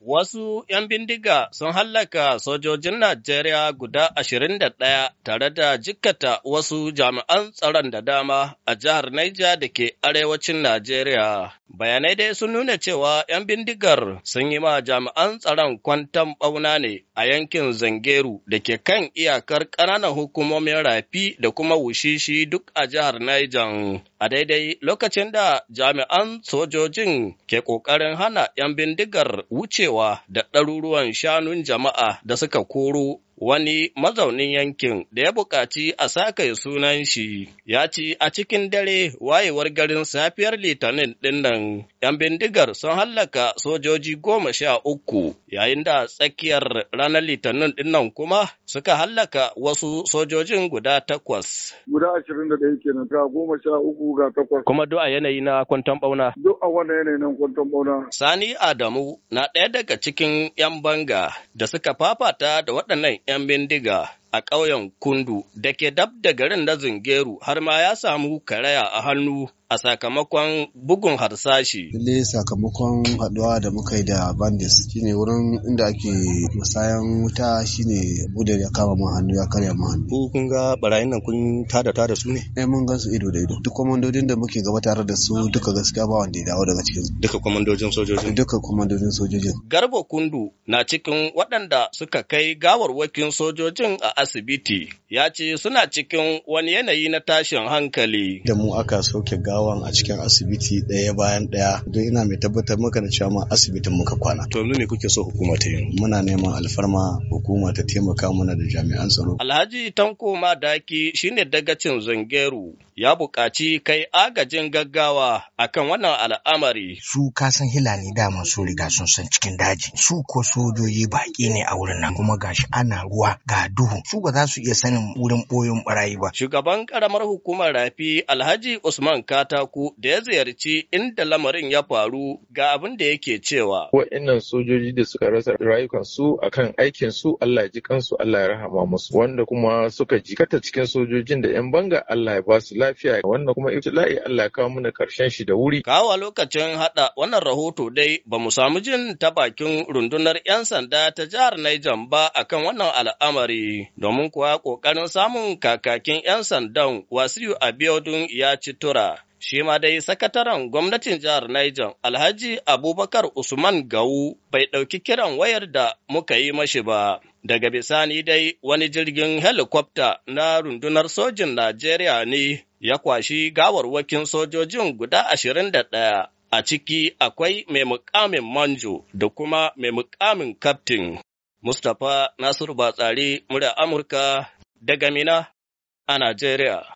Wasu ‘yan bindiga sun hallaka sojojin Najeriya guda ashirin da ɗaya tare da jikkata wasu jami'an tsaron da dama a jihar Niger da ke arewacin Najeriya. Bayanai dai sun nuna cewa ‘yan bindigar sun yi ma jami'an tsaron kwantan ɓauna ne a yankin Zangeru da ke kan iyakar ƙananan hukumomin rafi da kuma wushishi duk a jihar Niger. A daidai lokacin da jami'an sojojin ke ƙoƙarin hana ‘yan bindigar wucewa da ɗaruruwan shanun jama'a da suka koro wani mazaunin yankin da ya buƙaci a saka sunan shi ya ci a cikin dare wayewar garin safiyar litinin dinnan yan bindigar sun hallaka sojoji goma sha uku yayin da tsakiyar ranar litinin dinnan kuma suka hallaka wasu sojojin guda takwas. Guda ashirin da ɗaya kenan ga goma sha uku ga takwas. Kuma duk a yanayi na kwanton ɓauna. Duk a wani yanayi na kwanton ɓauna. Sani Adamu na ɗaya daga cikin 'yan banga da suka fafata da waɗannan ‘yan bindiga a ƙauyen Kundu da ke dab da garin na Zingeru, har ma ya samu karaya a hannu a sakamakon bugun harsashi. Lalle sakamakon haɗuwa da muka yi da bandits shine wurin inda ake musayan wuta shine bude ya kama mu hannu ya karya mu hannu. Ku kun ga barayin nan kun tada tada su ne? Eh mun gan su ido da ido. Duk komandodin da muke gaba tare da su duka gaskiya ba wanda ya dawo daga cikin su. Duka komandojin sojojin. Duka komandojin sojojin. Garba Kundu na cikin waɗanda suka kai gawarwakin sojojin a asibiti ya ce suna cikin wani yanayi na tashin hankali. Da mu aka soke gawan a cikin asibiti ɗaya bayan ɗaya don ina mai tabbatar maka da cewa asibitin muka kwana. To me kuke so hukuma ta yi? Muna neman alfarma hukuma ta taimaka mana da jami'an tsaro. Alhaji Tanko Madaki shine dagacin Zangeru ya buƙaci kai agajin gaggawa a kan wannan al'amari. Su kasan hilani dama su riga sun san cikin daji. Su ko sojoji baƙi ne a wurin nan kuma gashi ana ruwa ga duhu. Su ba za su iya sanin wurin ɓoyon barayi ba. Shugaban ƙaramar hukumar rafi Alhaji Usman Kataku da ya ziyarci inda lamarin ya faru ga abin da yake cewa. Wa'innan sojoji da suka rasa rayukansu akan aikin su Allah ya ji kansu Allah ya rahama musu wanda kuma suka jikata cikin sojojin da 'yan banga Allah ya ba su lafiya wannan kuma ibtila'i Allah ya kawo mana karshen shi da wuri. Kawo lokacin haɗa wannan rahoto dai ba mu samu jin ta bakin rundunar 'yan sanda ta jihar Niger ba a kan wannan al'amari domin kuwa ƙoƙarin samun kakakin 'yan sandan Wasiu Abiodun ya ci tura. shi ma dai sakataren gwamnatin jihar Niger Alhaji Abubakar Usman Gawu bai ɗauki kiran wayar da muka yi mashi ba. Daga bisani dai wani jirgin helikwafta na rundunar sojin Najeriya ne ya kwashi gawarwakin sojojin guda ashirin da ɗaya, a ciki akwai mai mukamin manjo da kuma mai mukamin kaftin. Mustapha Nasiru Batsari, murya Amurka daga Mina a Najeriya.